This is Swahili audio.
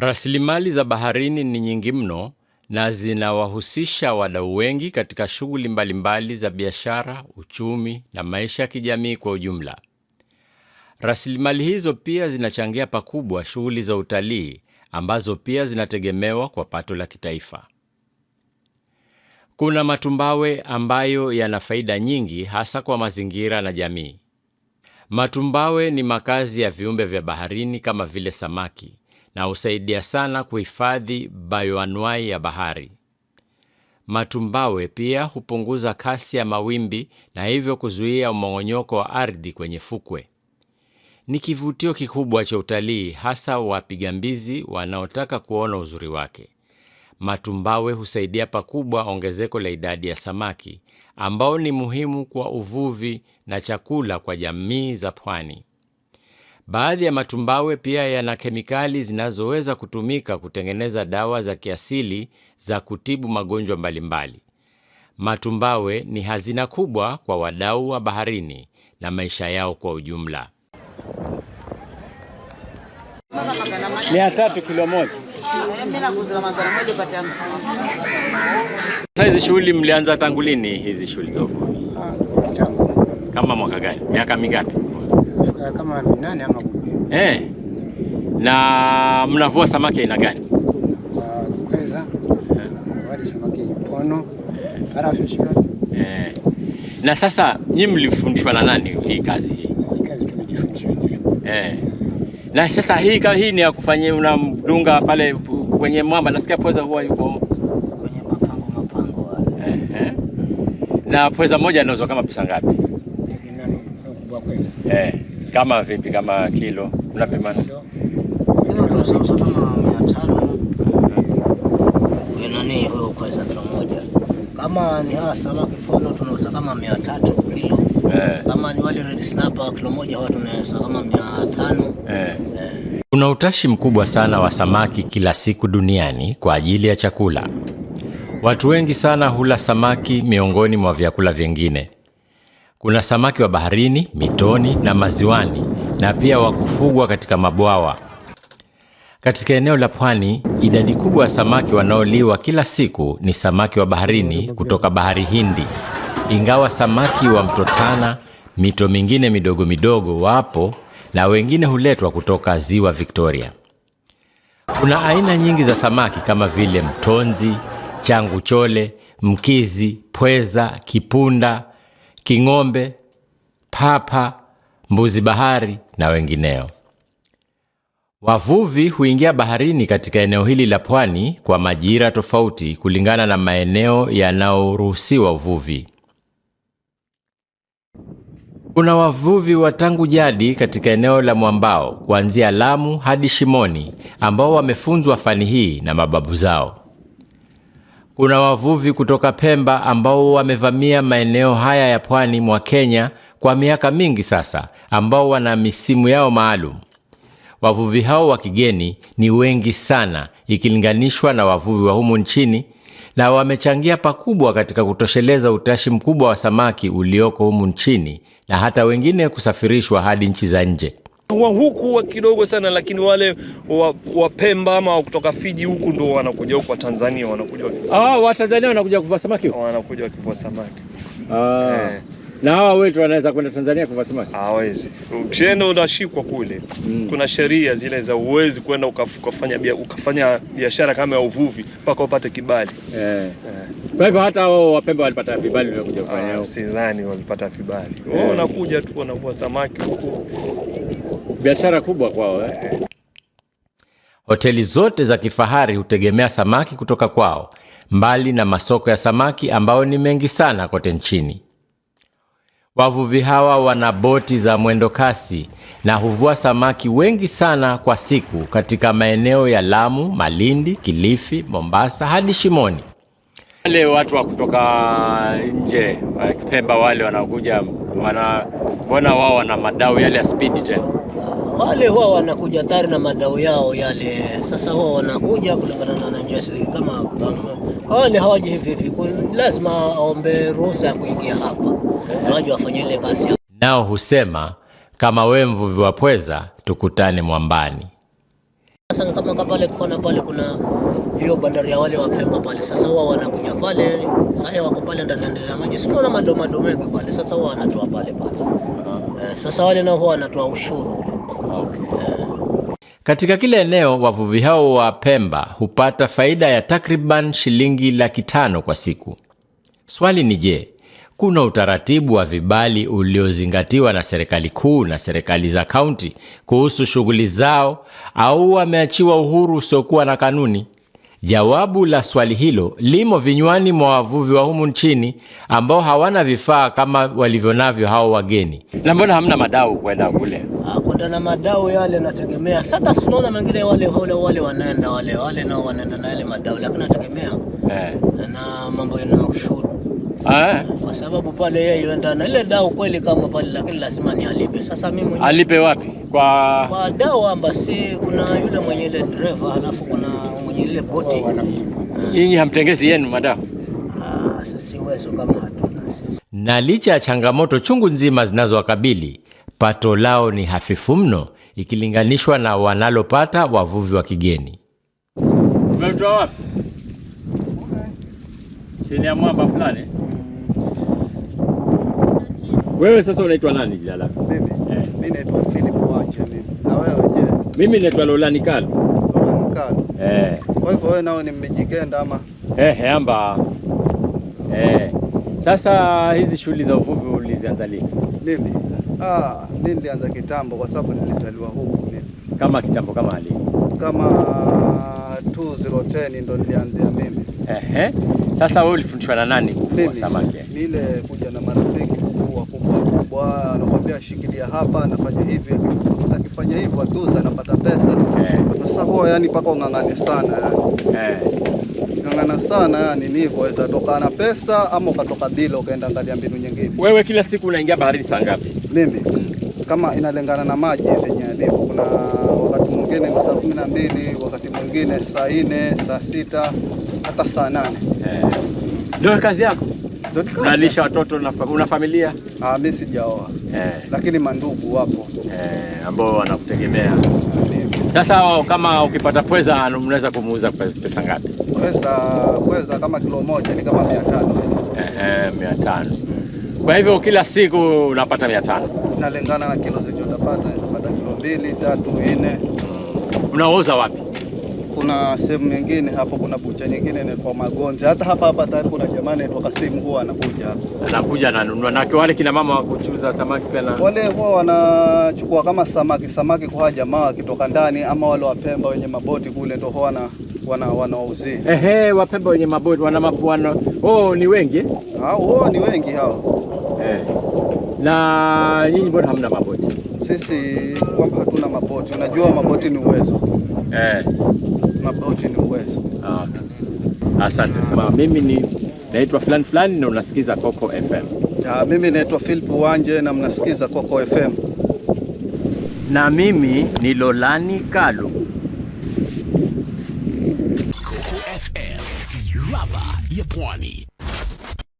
Rasilimali za baharini ni nyingi mno na zinawahusisha wadau wengi katika shughuli mbalimbali za biashara, uchumi na maisha ya kijamii kwa ujumla. Rasilimali hizo pia zinachangia pakubwa shughuli za utalii ambazo pia zinategemewa kwa pato la kitaifa. Kuna matumbawe ambayo yana faida nyingi hasa kwa mazingira na jamii. Matumbawe ni makazi ya viumbe vya baharini kama vile samaki na husaidia sana kuhifadhi bayoanuai ya bahari. Matumbawe pia hupunguza kasi ya mawimbi na hivyo kuzuia umongonyoko wa ardhi kwenye fukwe. Ni kivutio kikubwa cha utalii, hasa wapiga mbizi wanaotaka kuona uzuri wake. Matumbawe husaidia pakubwa ongezeko la idadi ya samaki ambao ni muhimu kwa uvuvi na chakula kwa jamii za pwani. Baadhi ya matumbawe pia yana kemikali zinazoweza kutumika kutengeneza dawa za kiasili za kutibu magonjwa mbalimbali. Matumbawe ni hazina kubwa kwa wadau wa baharini na maisha yao kwa ujumla. Mia tatu kilo moja. Sasa hizi shughuli mlianza tangu lini hizi shughuli za uvuvi? Ah, Kama mwaka gani? Miaka mingapi? kama minane ama kumi. Eh. Na mnavua samaki aina gani? Ah, kwanza eh. wale samaki ipono, eh. shika. Eh. Na sasa nyinyi mlifundishwa na nani hii kazi hii? kazi tumejifundishwa wenyewe. Eh. Na sasa hii hii ni ya kufanyia unamdunga pale kwenye mwamba, nasikia pweza huwa yuko kwenye mapango mapango wale. Eh, eh. Na pweza moja inauzwa kama pesa ngapi? Eh. Kama vipi? Kama kilo unapima kama ni hawa samaki mfano tunauza kama mia tatu kilo eh. Kama ni wale red snapper kilo moja huwa tunauza kama mia tano eh. Eh. Kuna utashi mkubwa sana wa samaki kila siku duniani kwa ajili ya chakula. Watu wengi sana hula samaki miongoni mwa vyakula vingine. Kuna samaki wa baharini, mitoni na maziwani na pia wa kufugwa katika mabwawa. Katika eneo la pwani, idadi kubwa ya samaki wanaoliwa kila siku ni samaki wa baharini kutoka Bahari Hindi. Ingawa samaki wa Tana, mito mingine midogo midogo wapo na wengine huletwa kutoka Ziwa Victoria. Kuna aina nyingi za samaki kama vile mtonzi, changu chole, mkizi, pweza, kipunda king'ombe, papa, mbuzi bahari na wengineo. Wavuvi huingia baharini katika eneo hili la pwani kwa majira tofauti kulingana na maeneo yanayoruhusiwa uvuvi. Kuna wavuvi wa tangu jadi katika eneo la mwambao kuanzia Lamu hadi Shimoni ambao wamefunzwa fani hii na mababu zao. Kuna wavuvi kutoka Pemba ambao wamevamia maeneo haya ya pwani mwa Kenya kwa miaka mingi sasa, ambao wana misimu yao maalum. Wavuvi hao wa kigeni ni wengi sana ikilinganishwa na wavuvi wa humu nchini, na wamechangia pakubwa katika kutosheleza utashi mkubwa wa samaki ulioko humu nchini na hata wengine kusafirishwa hadi nchi za nje wa huku wa kidogo sana, lakini wale wapemba wa ama wa kutoka Fiji huku ndio wanakuja huku, wa Tanzania wanakuja ah, wa Tanzania wanakuja kuvua samaki huku, wanakuja wakivua samaki ah. Eh. Na hawa wetu wanaweza kwenda Tanzania kuvua samaki? Hawezi. Ukienda unashikwa kule. Mm. Kuna sheria zile za uwezi kwenda ukafanya bia, ukafanya biashara kama ya uvuvi mpaka upate kibali. Eh. Eh. Kwa hivyo hata wao Wapemba walipata vibali vya kuja kufanya. Ah, sidhani walipata vibali. Eh. Wao eh, wanakuja tu wanavua samaki huko biashara kubwa kwao eh. Hoteli zote za kifahari hutegemea samaki kutoka kwao, mbali na masoko ya samaki ambayo ni mengi sana kote nchini. Wavuvi hawa wana boti za mwendo kasi na huvua samaki wengi sana kwa siku katika maeneo ya Lamu, Malindi, Kilifi, Mombasa hadi Shimoni. Wale watu wa kutoka nje Pemba wale wanakuja wana mbona wao wana madau yale ya speed tena, wale wao wanakuja tayari na madau yao yale. Sasa wao wanakuja kulingana na njia kama wale hawaji hivi hivi, lazima aombe ruhusa ya kuingia hapa, waje wafanye ile kazi. Nao husema kama wewe mvuvi wa pweza, tukutane mwambani. Sasa kama kama pale kuna pale kuna hiyo bandari ya wale wa Pemba pale. Sasa huwa wanakuja pale, sasa wako pale ndani ya maji. Sio na mando mando mengi pale. Sasa huwa wanatoa pale pale. Uh-huh. Eh, sasa wale nao huwa wanatoa ushuru. Eh. katika kile eneo wavuvi hao wa Pemba hupata faida ya takriban shilingi laki tano kwa siku. Swali ni je, kuna utaratibu wa vibali uliozingatiwa na serikali kuu na serikali za kaunti kuhusu shughuli zao au wameachiwa uhuru usiokuwa na kanuni? Jawabu la swali hilo limo vinywani mwa wavuvi wa humu nchini ambao hawana vifaa kama walivyo navyo hao wageni. Na mbona hamna madau kwenda kule? Ah, kwenda na madau yale nategemea. Sasa sinaona mengine wale wale wale wanaenda wale wale nao wanaenda na yale madau, lakini nategemea eh, na mambo yana Eh? kwa sababu pale yeye yenda na ile dawa kweli kama pale, lakini lazima ni alipe. Sasa mimi mwenyewe alipe wapi? Kwa kwa dau basi, kuna yule mwenye ile driver, alafu kuna mwenye ile boti. Nyinyi hamtengezi yenu madau? Ah, sasa siwezo kama hatuna sisi. Na licha ya changamoto chungu nzima zinazowakabili, pato lao ni hafifu mno ikilinganishwa na wanalopata wavuvi wa kigeni. Umemtoa wapi? Chini ya mwamba fulani. Wewe sasa unaitwa nani jina lako? Mimi. Eh. Mimi naitwa Philip Mwache mimi. Na wewe je? Mimi naitwa Lolani Kalu. Lolani Kalu. Eh. Kwa hivyo wewe nao ni mmejikenda ama? Eh, hamba. Eh, eh. Sasa hizi shughuli za uvuvi ulizianza lini? Mimi. Ah, mimi nilianza kitambo kwa sababu nilizaliwa huku mimi. Kama kitambo kama hali. Kama 2010 ndo nilianzia mimi. Ehe. Eh. Sasa wewe ulifundishwa na nani huko samaki? Mimi ile kuja na marafiki mkubwa anamwambia shikilia hapa, anafanya hivi, akifanya hivyo atuza, anapata pesa. Sasa huwa yani mpaka ung'ang'ane sana yani eh. ng'ang'ana sana yani, ni hivyo, weza toka na pesa ama ukatoka bila ukaenda ya mbinu nyingine. Wewe kila siku unaingia baharini saa ngapi? Mimi kama inalingana na maji venye alivo kuna wakati mwingine ni saa kumi na mbili, wakati mwingine saa nne, saa sita, hata saa nane. Eh. Ndio kazi yako? Unalisha watoto una, familia? Ah, mimi sijaoa eh, lakini mandugu wapo eh, ambao wanakutegemea. Sasa wao kama ukipata pweza unaweza kumuuza pesa ngapi? Pweza pweza kama kilo moja ni kama 500. Eh, 500. Eh, Kwa hivyo kila siku unapata 500. Inalingana na kilo zinazopata, unapata kilo mbili, tatu, nne. Mnauza wapi? kuna sehemu nyingine hapo, kuna bucha nyingine inaitwa Magonzi. Hata hapa hapa tayari kuna jamaa anaitwa Kasim, huwa anakuja anakuja ananunua. Na wale kina mama wa kuchuza samaki pia na wale huwa wanachukua kama samaki samaki kwa jamaa wakitoka ndani, ama wale wapemba wenye maboti kule ndio huwa wana wanawauzia ehe, wapemba wenye maboti wana mapuano. Oh, ni wengi hao, oh, ni wengi hao eh. Na nyinyi bado hamna maboti? Sisi kwamba hatuna maboti, unajua maboti ni uwezo eh mapacha ni uwezo. Ah, okay. Asante sana. Mimi ni naitwa fulani fulani na unasikiza Coco FM. Ah, mimi naitwa Philip Wanje na mnasikiza Coco FM. Na mimi ni Lolani Kalu. Coco FM, ladha ya pwani.